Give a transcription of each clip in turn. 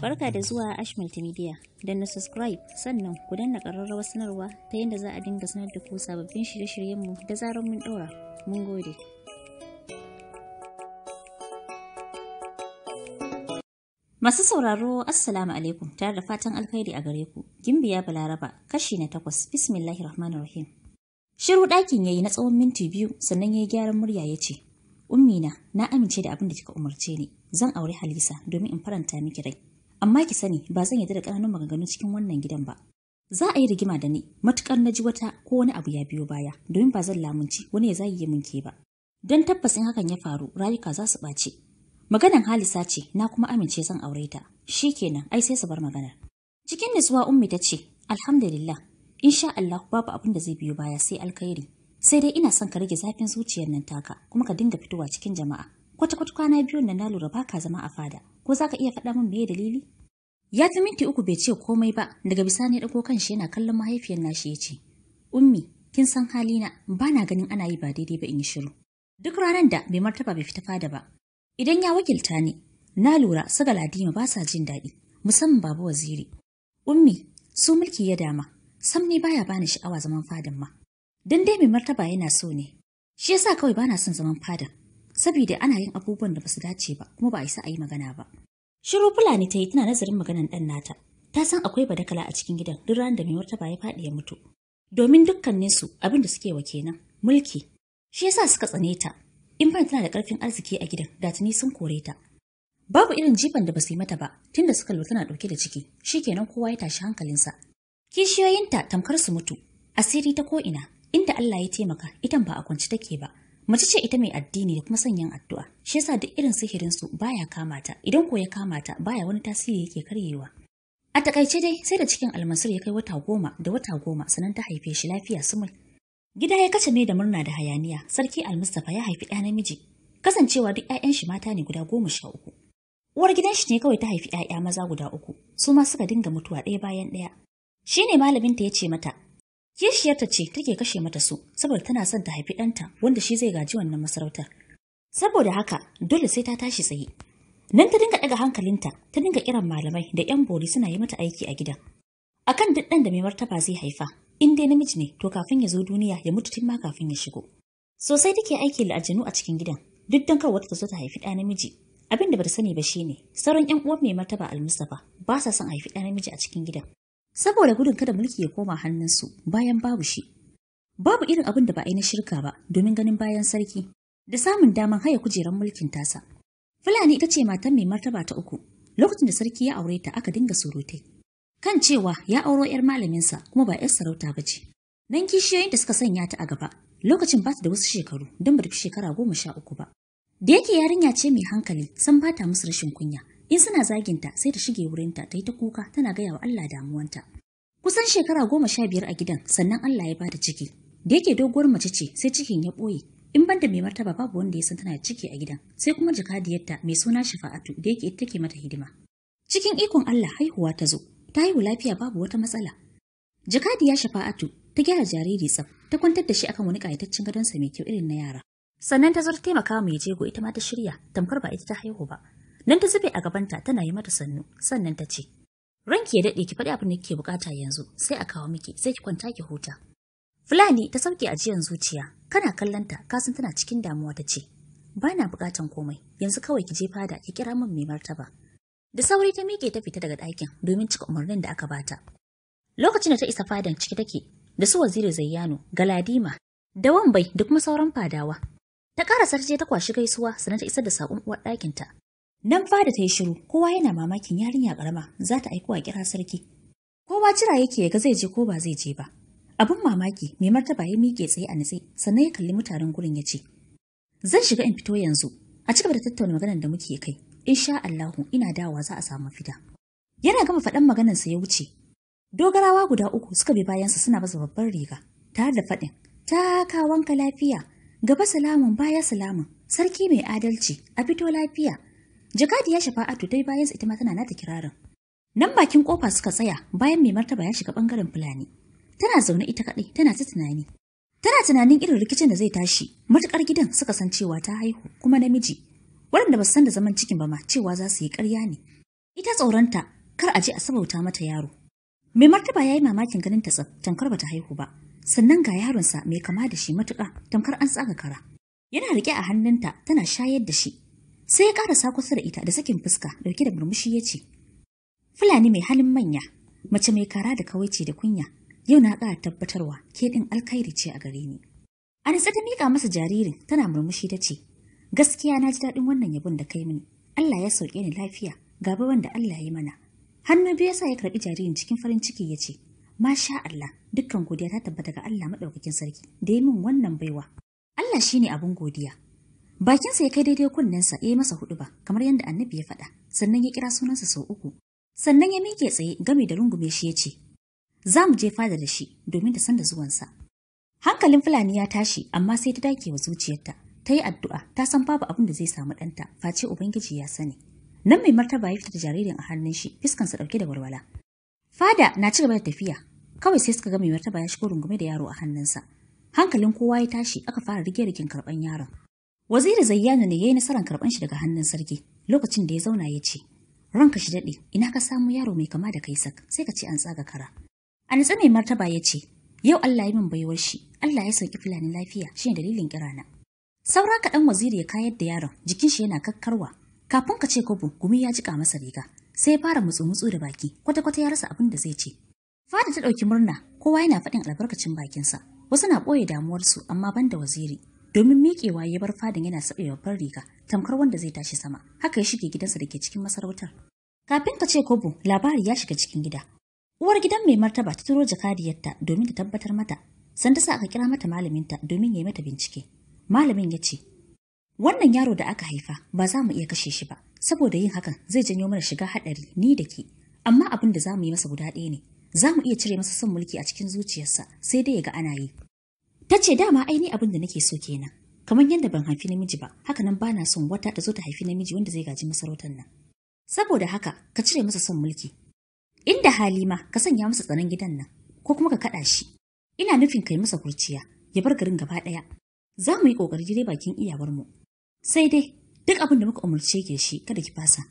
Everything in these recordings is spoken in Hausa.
Barka da zuwa Ash Multimedia. Don na subscribe sannan ku danna ƙararrawar sanarwa ta yadda za a dinga sanar da ku sababbin shirye-shiryenmu da zarar mun ɗora. Mun gode. Masu sauraro Assalamu alaikum tare da fatan alkhairi a gare ku. Gimbiya Balaraba kashi na takwas bismillahi rahim Shiru ɗakin yayi na tsawon minti biyu sannan ya yi gyaran murya ya ce, Ummina, na amince da abin da kika umarce ni. Zan aure Halisa domin in faranta miki rai. amma ki sani ba zan yarda da ƙananun maganganu cikin wannan gidan ba. Za a yi rigima da ni matukar na ji wata ko wani abu ya biyo baya domin ba zan lamunci wani ya zagi min ke ba. Don tabbas in hakan ya faru rayuka za su ɓaci. Maganan Halisa ce na kuma amince zan aure ta. Shi kenan ai sai su bar magana. Cikin nutsuwa Ummi ta ce alhamdulillah insha Allah babu abin da zai biyo baya sai alkhairi. Sai dai ina son ka rage zafin zuciyar nan taka kuma ka dinga fitowa cikin jama'a kwata-kwata kwana biyun nan na lura ka zama a fada ko za ka iya faɗa min meye dalili Ya ta minti uku bai ce komai ba, daga bisani ya ɗago kanshi yana kallon mahaifiyar nashi ya ce, Ummi, kin san halina, ba na ganin ana yi ba daidai ba in yi shiru. Duk ranar da bai martaba bai fita fada ba. Idan ya wakilta ni, na lura su ladima ba sa jin daɗi, musamman babu waziri. Ummi, su mulki ya dama, sam ne baya bani sha'awa zaman fadan ma. Dan dai mai martaba yana so ne. Shi yasa kawai bana son zaman fadan, saboda ana yin abubuwan da basu dace ba, kuma ba a isa a yi magana ba. Shiru Fulani ta yi tana nazarin maganan ɗan nata. Ta san akwai badakala a cikin gidan duk ran da mai wata ya faɗi ya mutu. Domin dukkaninsu abin da suke wa kenan mulki. Shi yasa suka tsane ta. In ban tana da ƙarfin arziki a gidan da tuni sun kore ta. Babu irin jifan da ba su yi mata ba, tunda suka lura tana ɗauke da ciki, shi kenan kowa ya tashi hankalinsa. Kishiyoyinta tamkar su mutu, asiri ta ko'ina, inda Allah ya taimaka, idan ba a kwanci take ba. Mace ce ita mai addini da kuma sanyin addu'a. Shi yasa duk irin sihirin su baya kama ta, idan ko ya kama ta baya wani tasiri yake karyewa. A takaice dai sai da cikin almasir ya kai wata goma da wata goma sannan ta haife shi lafiya sumul. Gida ya kace mai da murna da hayaniya, sarki Almustapha ya haifi ɗa namiji. Kasancewa duk 'ya'yan shi mata ne guda goma sha uku. Uwar gidan shi ne kawai ta haifi 'ya'ya maza guda uku, su ma suka dinga mutuwa ɗaya bayan ɗaya. Shi ne malaminta ya ce mata, Kishiyarta ce take kashe mata su saboda tana son ta haifi ɗanta wanda shi zai gaji wannan masarautar. Saboda haka dole sai ta tashi tsaye. Nan ta dinga ɗaga hankalinta ta dinga kiran malamai da 'yan bori suna yi mata aiki a gidan. Akan duk ɗan da mai martaba zai haifa in dai namiji ne to kafin ya zo duniya ya mutu tun ma kafin ya shigo. Sosai take aiki la'ajinu a cikin gidan duk dan kawai ta zo ta haifi ɗa namiji abin da bata sani ba shine sauran yan uwan mai martaba almustapha ba sa son haifi ɗa namiji a cikin gidan saboda gudun kada mulki ya koma hannunsu bayan babu shi. Babu irin abin da ba a yi na shirka ba domin ganin bayan sarki da samun daman haya kujerar mulkin tasa. Fulani ita ce matan mai martaba ta uku lokacin da sarki ya aure ta aka dinga surutai. Kan cewa ya auro 'yar malaminsa kuma ba 'yar sarauta ba ce. Nan kishiyoyin da suka sanya ta a gaba lokacin ba ta da wasu shekaru don ba ta fi shekara goma sha uku ba. Da yake yarinya ce mai hankali san ba ta musu rashin kunya. In suna zaginta sai ta shige wurinta ta yi ta kuka tana gaya wa Allah damuwanta. Kusan shekara goma sha biyar a gidan sannan Allah ya bata ciki. Da yake doguwar mace ce sai cikin ya ɓoye. In ban da mai martaba babu wanda ya san tana ciki a gidan sai kuma jakadiyarta mai suna Shafa'atu da yake ita take mata hidima. Cikin ikon Allah haihuwa ta zo. Ta haihu lafiya babu wata matsala. Jakadiya Shafa'atu ta gyara jariri tsaf ta kwantar da shi akan wani ƙayataccen gadonsa mai kyau irin na yara. Sannan ta zo ta taimaka mai jego ita ma ta shirya tamkar ba ita ta haihu ba. Nan ta zube a gabanta tana yi mata sannu, sannan ta ce, Ranki ya dade ki faɗi abin da kike bukata yanzu, sai a kawo miki, sai ki kwanta ki huta. Fulani ta sauke ajiyan zuciya, kana kallanta, kasan tana cikin damuwa ta ce, Bana bukatan komai, yanzu kawai ki je fada ki kira min mai martaba. Da sauri ta miƙe ta fita daga ɗakin domin cika umarnin da aka bata. Lokacin da ta isa fadan ciki take, da su waziri Zayyano, Galadima, da Wambai da kuma sauran fadawa. Ta ƙara sarje ta kwashi gaisuwa sannan ta isa da saƙon uwar ɗakinta. Nan da ta yi shiru, kowa yana mamakin yarinya ƙarama za ta aiko a kira sarki. Kowa jira yake ga zai je ko ba zai je ba. Abun mamaki mai martaba ya miƙe tsaye a nitse sannan ya kalli mutanen gurin ya ce, Zan shiga in fito yanzu, a cigaba da tattauna maganar da muke kai, insha Allahu ina dawowa za a samu fita. Yana gama faɗan maganarsa ya wuce. Dogarawa guda uku suka bi bayansa suna masa babbar riga, tare da faɗin, ta kawanka lafiya, gaba salamun baya salamun, sarki mai adalci, a fito lafiya, Jakadi ya shafa'atu Atu dai bayan ita ma tana nata kirarin. Nan bakin kofa suka tsaya bayan mai martaba ya shiga bangaren Fulani. Tana zaune ita kadai, tana ta tunani. Tana tunanin irin rikicin da zai tashi, matukar gidan suka san cewa ta haihu kuma namiji. Waɗanda ba su san da zaman cikin ba ma cewa za su yi ƙarya ne. Ita tsoronta kar a je a sabauta mata yaro. Mai martaba ya yi mamakin ganin ta tsaf tamkar ba ta haihu ba. Sannan ga yaronsa mai kama da shi matuƙa tamkar an tsaga kara. Yana rike a hannunta tana shayar da shi Sai ya ƙarasa kusa da ita da sakin fuska dauke da murmushi ya ce, Fulani mai halin manya, mace mai kara da kawaici da kunya, yau na ƙara tabbatarwa ke ɗin alkhairi ce a gare ni. A nitsa ta miƙa masa jaririn tana murmushi ta ce, Gaskiya na ji daɗin wannan yabon da kai mini, Allah ya sauke ni lafiya, gaba wanda Allah ya mana. Hannu biyu ya sa ya karɓi jaririn cikin farin ciki ya ce, Masha Allah, dukkan godiya ta tabbata ga Allah maɗaukakin sarki da ya min wannan baiwa. Allah shine abin godiya. Bakinsa ya kai daidai kunnen ya yi masa hudu ba, kamar yadda annabi ya faɗa, sannan ya kira sunansa sau uku. Sannan ya miƙe tsaye game da rungume shi ya ce, Za mu je fada da shi domin da sanda zuwansa. Hankalin Fulani ya tashi, amma sai ta dake wa zuciyarta. Ta yi addu'a, ta san babu abin da zai samu ɗanta, face Ubangiji ya sani. Nan mai martaba ya fita da jaririn a hannun shi, sa ɗauke da walwala. Fada na ci gaba da tafiya, kawai sai suka ga mai martaba ya shigo rungume da yaro a hannunsa. Hankalin kowa ya tashi, aka fara rige-rigen karɓan yaron. Waziri Zayyano ne ya yi nasarar shi daga hannun sarki lokacin da ya zauna ya ce, Ranka shi daɗe, ina ka samu yaro mai kama da kai sak, sai ka ce an tsaga kara. A mai martaba ya ce, Yau Allah ya min baiwar shi, Allah ya sauki fulani lafiya shi dalilin kirana. Saura ka kaɗan waziri ya kayar da yaron, jikin shi yana kakkarwa. Kafin ka ce kobo, gumi ya jika masa riga, sai ya fara mutsu-mutsu da baki, kwata-kwata ya rasa abin da zai ce. Fada ta ɗauki murna, kowa yana faɗin albarkacin bakin sa wasu na ɓoye damuwarsu amma banda waziri. domin miƙewa ya bar fadin yana saɓe babbar riga tamkar wanda zai tashi sama haka ya shige gidansa da ke cikin masarautar kafin ka ce kobo labari ya shiga cikin gida uwar gidan mai martaba ta turo jakadiyarta domin ta tabbatar mata san ta sa aka kira mata malaminta domin ya yi mata bincike malamin ya ce wannan yaro da aka haifa ba za mu iya kashe shi ba saboda yin hakan zai janyo mana shiga haɗari ni da ke amma abin da za mu yi masa guda ɗaya ne za mu iya cire masa son mulki a cikin zuciyarsa sai dai ya ga ana yi Ta ce dama aini abin da nake so kenan. Kamar yadda ban haifi namiji ba, haka nan bana son wata ta zo ta haifi namiji wanda zai gaji masarautar nan. Saboda haka, ka cire masa son mulki. Inda Halima ka sanya masa tsanan gidan nan, ko kuma ka kaɗa shi. Ina nufin kai masa kurciya, ya bar garin gaba ɗaya. Za mu yi ƙoƙari dai bakin iyawarmu. Sai dai, duk abin da muka umarce ke shi, kada ki fasa.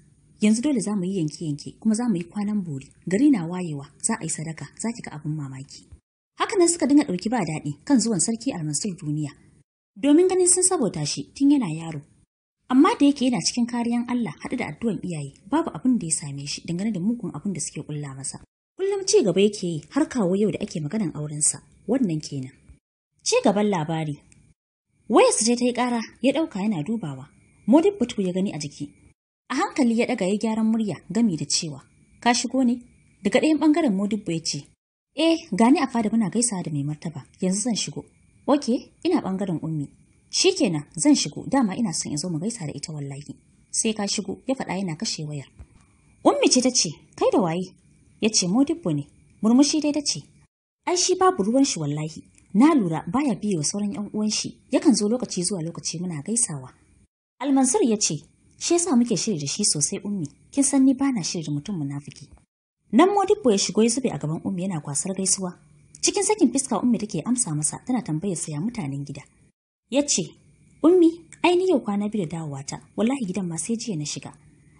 Yanzu dole za mu yi yanke-yanke, kuma za mu yi kwanan bori. Gari na wayewa, za a yi sadaka, za ki ga abin mamaki. Haka nan suka dinga ɗauki ba daɗi kan zuwan sarki Almasir duniya, domin ganin sun sabota shi tun yana yaro. Amma da yake yana cikin kariyan Allah haɗu da addu'an iyaye, babu abin da ya same shi dangane da mugun abin da suke ƙulla masa. Kullum ci gaba yake yi har kawo yau da ake maganan aurensa, wannan kenan. Ci gaban labari. waya su ce ta yi kara ya ɗauka yana dubawa. modin Butu ya gani a jiki. A hankali ya ɗaga ya gyaran murya gami da cewa, ka shigo ne? Daga ɗayan ɓangaren Modibbo ya ce, Eh, gani a fada muna gaisa da mai martaba, yanzu zan shigo. Oke, ina bangaren ummi. Shikenan, zan shigo, dama ina son in zo mu gaisa da ita wallahi. Sai ka shigo, ya faɗa yana kashe wayar. Ummi ce ta ce, kai da waye? Ya ce Modibbo ne, murmushi dai ta ce, ai shi babu ruwan shi wallahi. Na lura baya biyo sauran 'yan uwan shi, yakan zo lokaci zuwa lokaci muna gaisawa. Almansur ya ce, shi yasa muke shiri da shi sosai ummi, kin san ni bana shiri da mutum munafiki. Nan Modibbo ya shigo ya zube a gaban Ummi yana kwasar gaisuwa. Cikin sakin fiska Ummi take amsa masa tana tambayar sa ya mutanen gida. yace Ummi, ai ni yau kwana biyu da dawowa ta, wallahi gidan ma sai jiya na shiga.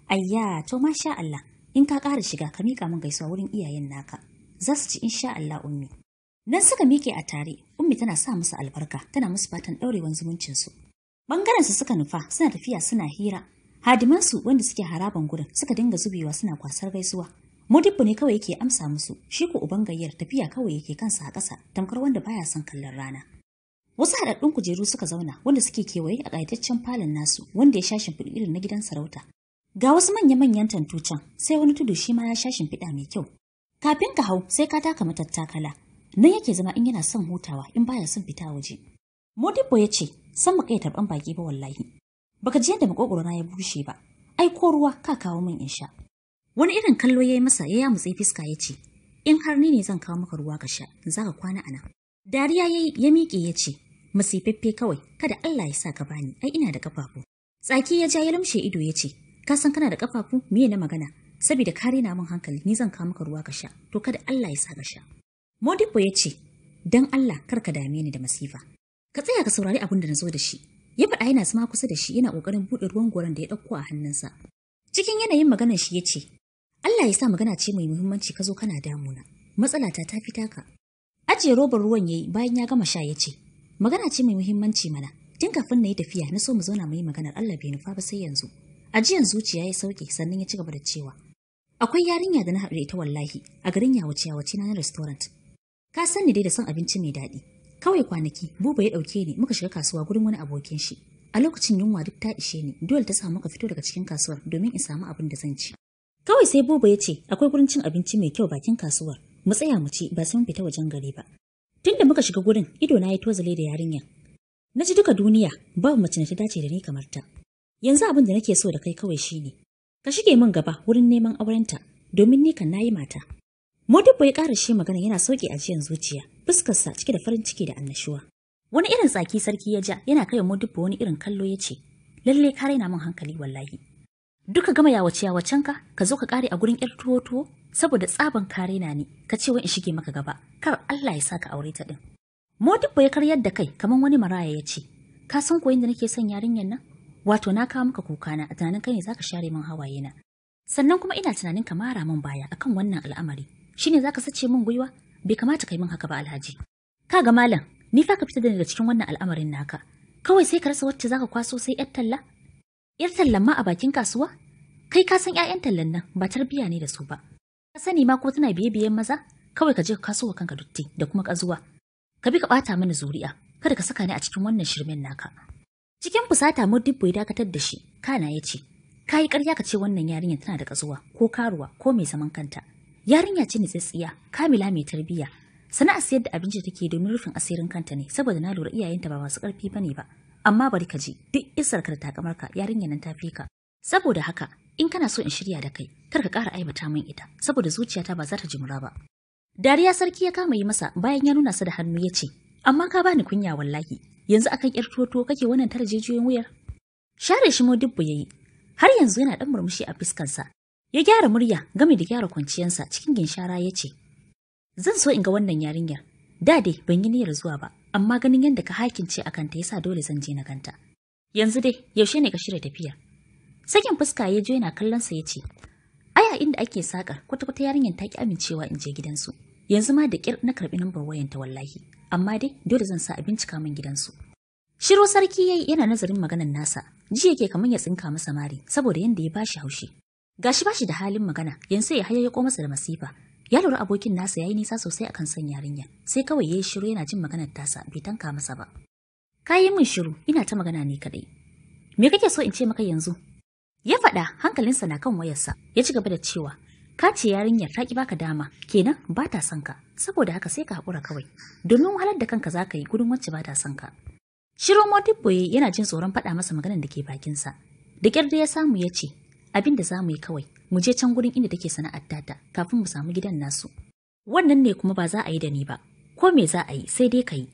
Ayya, to masha Allah, in ka ƙara shiga ka miƙa min gaisuwa wurin iyayen naka. Za su ci insha Allah Ummi. Nan suka mike a tare, Ummi tana sa musu albarka, tana musu fatan ɗaurewan su. Bangaren su suka nufa, suna tafiya suna hira. Hadimansu wanda suke haraban gurin suka dinga zubewa suna kwasar gaisuwa. Modibbo ne kawai yake amsa musu, shi ko uban tafiya kawai yake kansa a ƙasa, tamkar wanda baya son kallon rana. Wasu haɗaɗɗun kujeru suka zauna wanda suke kewaye a ƙayataccen falon nasu wanda ya sha shimfiɗi irin na gidan sarauta. Ga wasu manya-manyan tantu sai wani tudu shi ma ya sha shimfiɗa mai kyau. Kafin ka hau sai ka taka matattakala, nan yake zama in yana son hutawa in baya son fita waje. Modibbo ya ce, san mu kai tarban baki ba wallahi. Baka ji yadda maƙogoro na ya bushe ba. Ai ko ruwa ka kawo min in sha. Wani irin kallo ya yi masa ya mutsi fiska ya ce, In har ni ne zan kawo maka ruwa ka sha, za ka kwana a nan. Dariya ya ya miƙe ya ce, Masifaffe kawai, kada Allah ya sa ka bani, ai ina da kafafu. Tsaki ya ja ya lumshe ido ya ce, Ka san kana da kafafu, miye na magana? Saboda ka na min hankali, ni zan kawo maka ruwa ka sha, to kada Allah ya sa ka sha. Modibo ya ce, Don Allah kar ka dame ni da masifa. Ka tsaya ka saurari abin da na zo da shi, ya faɗa yana zama kusa da shi yana ƙoƙarin buɗe ruwan goron da ya ɗauko a hannunsa. Cikin yanayin maganar shi ya ce, Allah ya sa magana ce mai muhimmanci ka zo kana damuna. Matsalata ta fi taka. Ajiye robar ruwan yayi bayan ya gama sha ya ce, Magana ce mai muhimmanci mana. Tun kafin na yi tafiya na so mu zauna mu yi maganar Allah bai nufa ba sai yanzu. Ajiyan zuciya ya sauke sannan ya ci gaba da cewa. Akwai yarinya da na haɗu ita wallahi a garin yawace yawace na na restaurant. Ka sani dai da son abinci mai daɗi. Kawai kwanaki buba ya ɗauke ni muka shiga kasuwa gurin wani abokin shi. A lokacin yunwa duk ta ishe ni, dole ta sa muka fito daga cikin kasuwar domin in samu abin da zan ci. Kawai sai Buba ya ce akwai gurin cin abinci mai kyau bakin kasuwar. Mu tsaya mu ci ba sai mun fita wajen gari ba. Tunda muka shiga gurin ido na ya tozale da yarinyar. Na ji duka duniya babu mace na ta dace da ni kamar ta. Yanzu abin da nake so da kai kawai shi ne. ka shige min gaba wurin neman aurenta domin ni kan nayi mata. Modibbo ya ƙara shi magana yana sauƙi ajiyan zuciya, fuskarsa cike da farin ciki da annashuwa. Wani irin tsaki sarki ya ja yana kai Modibbo wani irin kallo ya ce, Lallai ka raina min hankali wallahi. duka gama yawace yawacen ka ka zo ka kare a gurin yar tuwo tuwo saboda tsaban kare na ne ka ce wai in shige maka gaba kar Allah ya saka aure ta din duk ya karyar da kai kaman wani maraya ya ce ka san koyin da nake son yarinyar nan wato na kawo maka kuka na, a tunanin kai ne zaka share min hawaye na sannan kuma ina tunanin ka mara min baya akan wannan al'amari shine zaka sace min gwiwa bai kamata kai min haka ba alhaji ga malam ni fa ka fita da daga cikin wannan al'amarin naka kawai sai ka rasa wacce zaka kwaso sai yar talla Yar tallan ma a bakin kasuwa? Kai ka san 'ya'yan tallan nan ba tarbiyya ne da su ba. Ka sani ma ko tana biye biyen maza? Kawai ka je ka kasuwa kanka dutti da kuma kazuwa. Ka bi ka ɓata mana zuri'a, kada ka saka ni a cikin wannan shirmen naka. Cikin fusata Modibo ya dakatar da shi, kana ya ce, Ka yi ƙarya ka ce wannan yarinya tana da kazuwa ko karuwa ko mai zaman kanta. Yarinya ce nitsatsiya, kamila mai tarbiyya, Sana'a siyar da abinci take domin rufin asirin kanta ne saboda na lura iyayenta ba masu ƙarfi bane ba. amma bari ka je, duk ka da ka, yarinyar nan ta fi ka saboda haka in kana so in shirya da kai kar ka ƙara aibata min ita saboda zuciyata ba za ta jimura ba dariya sarki ya kama yi masa bayan ya nuna su da hannu ya ce amma ka bani kunya wallahi yanzu akan yar toto kake wannan tarjejiyoyin wuyar share shi dubbu yayi har yanzu yana dan murmushi a fiskansa ya gyara murya game da gyara kwanciyansa cikin ginshara ya ce zan so in ga wannan yarinyar da dai ban yi niyyar zuwa ba amma ganin yadda ka ce a kanta yasa dole zan je na ganta. Yanzu dai, yaushe ne ka shirya tafiya? Sakin fuska ya je yana kallon sa ya ce, Aya inda ake saƙar, kwata-kwata yarinyar ta ki amincewa in je gidansu. Yanzu ma da ƙir na karɓi nambar wayan ta wallahi, amma dai dole zan sa a bincika min gidansu. Shiru sarki yayi yana nazarin maganar nasa, ji yake kamar ya tsinka masa mari saboda yanda ya bashi haushi. Gashi bashi da halin magana, yanzu ya hayayyako masa da masifa, Ya lura abokin nasa yayi nisa sosai akan san yarinya, sai kawai yayi shiru yana jin maganar tasa bai tanka masa ba. Kayi min shiru, ina ta magana ne kadai. Me kake so in ce maka yanzu? Ya faɗa hankalinsa na kan wayarsa, ya ci gaba da cewa, ka ce yarinyar ta ki baka dama, kenan ba ta son ka, saboda haka sai ka hakura kawai, domin wahalar da kanka zaka yi gudun wacce ba ta son ka. Shiru Modibo yana jin tsoron faɗa masa maganar da ke bakinsa, da ƙyar ya samu ya ce, abin da za mu yi kawai mu je can gurin inda take sana'ar tata kafin mu samu gidan nasu wannan ne kuma ba za a yi da ni ba ko me za a yi sai dai ka yi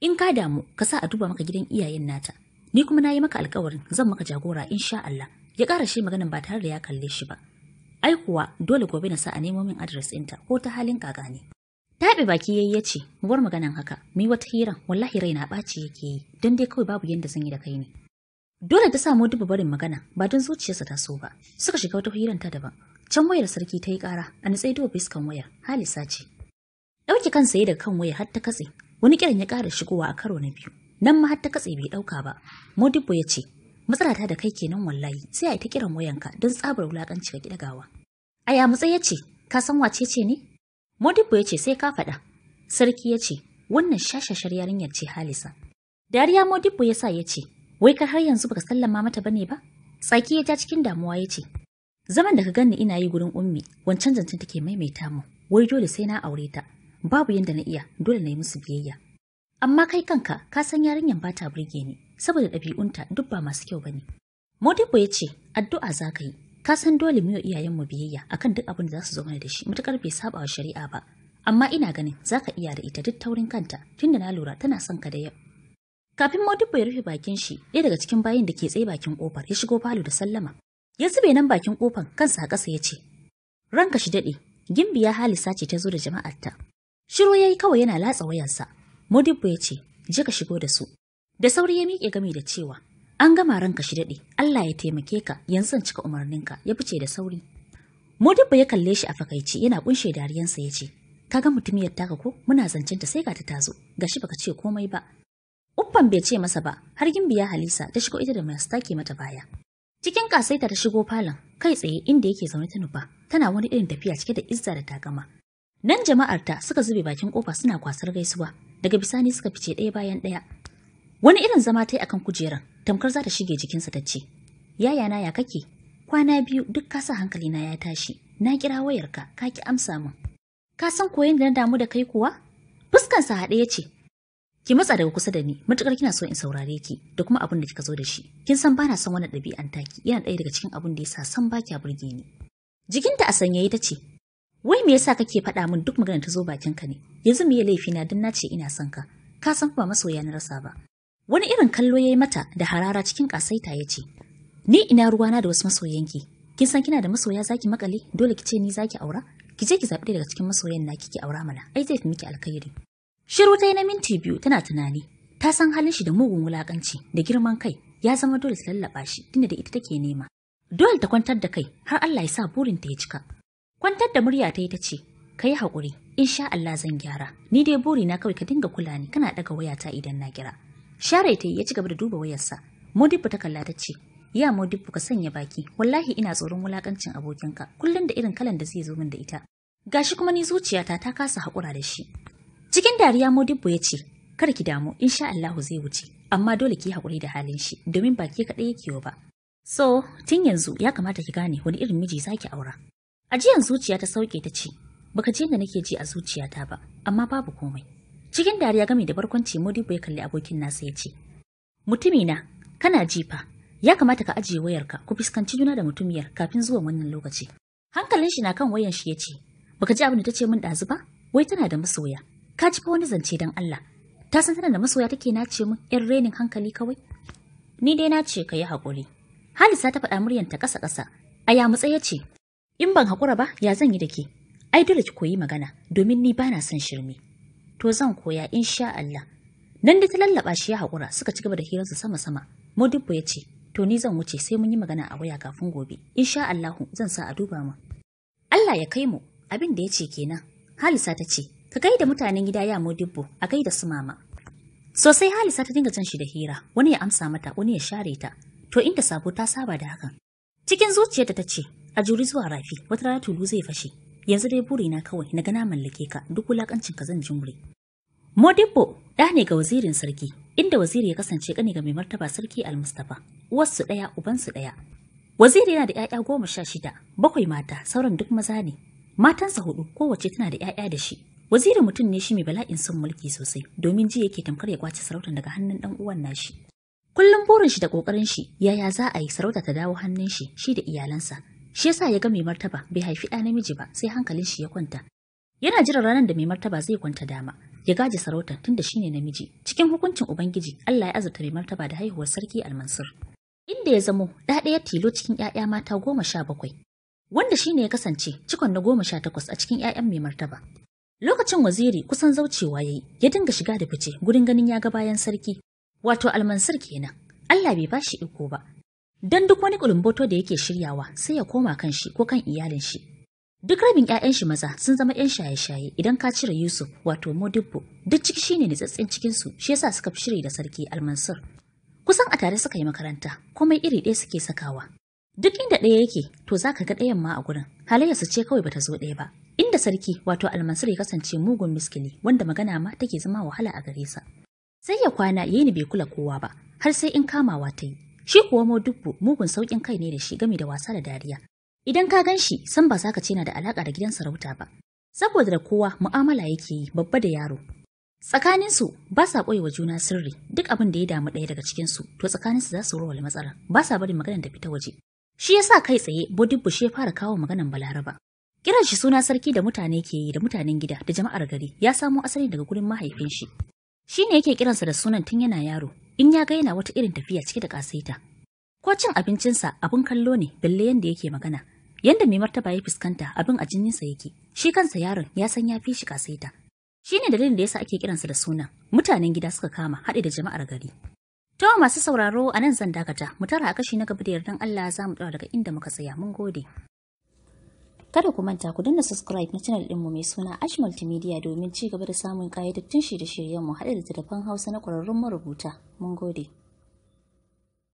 in ka damu ka sa a duba maka gidan iyayen nata ni kuma na yi maka alkawarin zan maka jagora insha Allah ya ƙara shi maganin ba tare da ya kalle shi ba ai kuwa dole gobe na sa a nemo min adres ɗinta ko ta halin kaka ne taɓe baki yayi ya ce mu bar maganan haka mu yi wata hira wallahi raina ɓaci yake yi don dai kawai babu yadda zan yi da kai ne Dole ta samu dubu barin magana ba don zuciyarsa ta so ba. Suka shiga wata hiranta daban. Can wayar sarki ta yi kara, a natsai duba fiskan wayar Halisa ce. Ɗauke kansa ya daga kan waya har ta katse. Wani kiran ya ƙara shigowa a karo na biyu. Nan ma har ta katse bai ɗauka ba. Modibo ya ce, Matsala ta da kai kenan wallahi sai a yi ta kiran wayanka don tsabar wulaƙanci ga kidagawa A ya ya ce, Ka san wace ce ne? Modibo ya ce sai ka faɗa. Sarki ya ce, Wannan shashashar yarinyar ce Halisa. Dariya Modibo ya sa ya ce, Wai ka har yanzu baka sallama mata bane ba? Tsaki ya ja cikin damuwa ya ce, Zaman da ka ganni ina yi gurin ummi, wancan zancen take maimaita mu, wai dole sai na aure ta, babu yanda na iya, dole na yi musu biyayya. Amma kai kanka, ka san yarinyar ba ta burge ni, saboda ɗabi'unta duk ba masu kyau bane. Modibo ya ce, addu'a za ka yi, ka san dole mu yi mu biyayya akan duk abin da za su zo mana da shi, mutakar bai saba wa shari'a ba. Amma ina ganin za ka iya da ita duk taurin kanta, tunda na lura tana son ka da yau. Kafin Modibo ya rufe bakin shi, ɗaya daga cikin bayin da ke tsaye bakin kofar ya shigo falo da sallama. Ya zube nan bakin kofar kansa a ƙasa ya ce, Ranka shi daɗe, gimbiya halisa ce ta zo da jama'ar ta Shiro ya yi kawai yana latsa wayarsa. Modibo ya ce, Je ka shigo da su. Da sauri ya miƙe gami da cewa, An gama ranka shi daɗe, Allah ya taimake ka, yanzu zan cika umarninka, ya fice da sauri. Modibo ya kalle shi a fakaici yana kunshe dariyansa ya ce, Ka ga mutumiyar taka ko muna zancen ta sai ga ta tazo, gashi baka ce komai ba, Uffan bai ce masa ba, har gimbiya Halisa ta shigo ita da masu ke mata baya. Cikin kasaita ta shigo falon, kai tsaye inda yake zaune ta nufa, tana wani irin tafiya cike da izza da takama. Nan jama'ar ta suka zube bakin kofa suna kwasar gaisuwa, daga bisani suka fice ɗaya bayan ɗaya. Wani irin zama ta yi akan kujeran, tamkar za ta shige jikinsa ta ce, Yaya na ya kake? Kwana biyu duk ka sa hankali na ya tashi, na kira wayarka, ka ki amsa min. Ka san koyon da na damu da kai kuwa? Fuskansa haɗe ya ce, Ki matsa daga kusa da ni, matukar kina so in saurare ki da kuma abin da kika zo da shi. Kin san bana son wannan dabi'an taki, yana ɗaya daga cikin abin da yasa san baki kya burge ni. Jikinta a sanyaye ta ce, Wai me yasa kake faɗa min duk maganar ta zo bakin ka ne? Yanzu me ya laifi na dan na ina son ka. Ka san ba masoya na rasa ba. Wani irin kallo yayi mata da harara cikin kasaita ya ce, Ni ina ruwa na da wasu masoyanki. Kin san kina da masoya zaki makale, dole ki ce ni zaki aura? Ki je ki zaɓi daga cikin masoyan naki ki aura mana. Ai zai fi miki alkhairi. Shiru ta yi na minti biyu tana tunani, ta san halin shi da mugun wulakanci da girman kai ya zama dole ta lallaba shi tunda da ita take nema. Dole ta kwantar da kai har Allah ya sa burin ta ya cika. Kwantar da murya ta yi ta ce, ka yi haƙuri, insha Allah zan gyara. Ni dai buri na kawai ka dinga kula ni kana ɗaga wayata idan na kira. Share ta yi ya ci gaba da duba wayarsa. Modibu ta kalla ta ce, ya Modibu ka sanya baki, wallahi ina tsoron wulakancin abokinka, kullum da irin kalan da zai zo min da ita. Gashi kuma ni zuciyata ta kasa haƙura da shi. Cikin dariya Modibbo ya ce, Kar ki damu, insha Allahu zai wuce, amma dole ki haƙuri da halin shi, domin ba ke kaɗai yake ba. So, tun yanzu ya kamata ki gane wani irin miji zaki aura. Ajiyan zuciya ta sauke ta ce, Baka ji da nake ji a zuciyata ba, amma babu komai. Cikin dariya gami da barkwanci Modibbo ya kalli abokin nasa ya ce, Mutumina, kana jifa, ya kamata ka ajiye wayarka ku fuskanci juna da mutumiyar kafin zuwa wannan lokaci. Hankalin shi na kan wayan shi ya ce, Baka ji abin da ta ce min ɗazu ba? Wai tana da masoya. Ka ji wani zance don Allah. Ta san tana da masoya take na ce mun ‘yan renin hankali kawai? Ni dai na ce ka yi haƙuri. Halisa ta faɗa muryanta ƙasa-ƙasa. A ya ce, in ban haƙura ba ya zan yi da ke. Ai dole ki koyi magana domin ni bana son shirme. To zan koya insha Allah. Nan da ta lallaɓa shi ya haƙura suka ci gaba da hirarsa sama-sama. Modibbo ya ce, to ni zan wuce sai mun yi magana a waya kafin gobe. Insha Allah zan sa a duba mu. Allah ya kai mu abin da ya ce kenan. Halisa ta ce, Ka da mutanen gida ya Modibbo, a kai da su mama. Sosai Halisa ta dinga jan shi da hira, wani ya amsa mata, wani ya share ta. To inda sabo ta saba da hakan. Cikin zuciyarta ta ce, a juri zuwa rafi, wata rana tulu zai fashe. Yanzu dai buri na kawai na gana mallake ka, duk wulakancin ka zan jimre. Modibbo ɗa ne ga wazirin sarki, inda waziri ya kasance kani ga mai martaba sarki Al-Mustapha. Uwarsu ɗaya, ubansu ɗaya. Waziri yana da ‘ya'ya goma sha shida, bakwai mata, sauran duk maza ne. Matansa hudu kowace tana da ‘ya'ya da shi, Wazirin mutum ne shi mai bala'in son mulki sosai domin ji yake tamkar ya kwace sarautar daga hannun dan uwan nashi. Kullum burin shi da kokarin shi yaya za a yi sarauta ta dawo hannun shi shi da iyalansa. Shi yasa ya ga mai martaba bai haifi ɗa namiji ba sai hankalin shi ya kwanta. Yana jiran ranar da mai martaba zai kwanta dama ya gaji sarautar tunda ne namiji. Cikin hukuncin Ubangiji Allah ya azurta mai martaba da haihuwar sarki Almansur. Inda ya zamo ɗa ɗaya tilo cikin ‘ya'ya mata goma sha bakwai. Wanda shi ne ya kasance cikon na goma sha takwas a cikin ‘ya'yan mai martaba. Lokacin waziri kusan zaucewa ya yi, ya dinga shiga da fice gurin ganin ya ga bayan sarki, wato almansir kenan. Allah bai bashi iko ba. Dan duk wani kulumboto da yake shiryawa sai ya koma kan shi ko kan iyalin shi. Duk rabin ƴaƴan shi maza sun zama ƴan shaye-shaye idan ka cire Yusuf wato Modibbo, duk ciki shine tsatsin cikin su, shi yasa suka fi shiri da sarki Almansir. Kusan a tare suka yi makaranta, komai iri ɗaya suke sakawa. Duk inda ɗaya yake, to zaka ga ɗayan ma a gurin. Halayyarsu ce kawai bata zo ɗaya ba. inda sarki wato almansur ya kasance mugun miskili wanda magana ma take zama wahala a gare sa sai ya kwana yini bai kula kowa ba har sai in kamawa ta yi shi kuwa mo dubbu mugun saukin kai ne da shi game da wasa da dariya idan ka gan shi san ba za ka ce na da alaka da gidan sarauta ba saboda da kowa mu'amala yake yi babba da yaro Tsakaninsu ba sa koyewa juna sirri duk abin da ya damu ɗaya daga cikin su to tsakaninsu za su warware matsalar ba sa barin maganar da fita waje. Shi yasa kai tsaye dubbu shi ya fara kawo maganar Balaraba. Kiran shi suna sarki da mutane ke yi da mutanen gida da jama'ar gari ya samo asali daga gurin mahaifin shi. Shi ne yake kiransa da sunan tun yana yaro, in ya ga yana wata irin tafiya cike da kasaita. Ko cin abincinsa abin kallo ne balle yanda yake magana. Yanda mai martaba ya fuskanta abin a jininsa yake, shi kansa yaron ya san ya fi shi kasaita. Shi ne dalilin da yasa ake kiransa da sunan mutanen gida suka kama haɗe da jama'ar gari. To masu sauraro a nan zan dakata, mu tara a kashi na gaba da yardan Allah za mu daga inda muka tsaya mun gode. Kada ku manta ku danna subscribe na channel ɗinmu mai suna Ash Multimedia domin ci gaba da samun ƙayyadattun shirye-shiryenmu haɗe da tafan Hausa na ƙwararrun marubuta. Mun gode.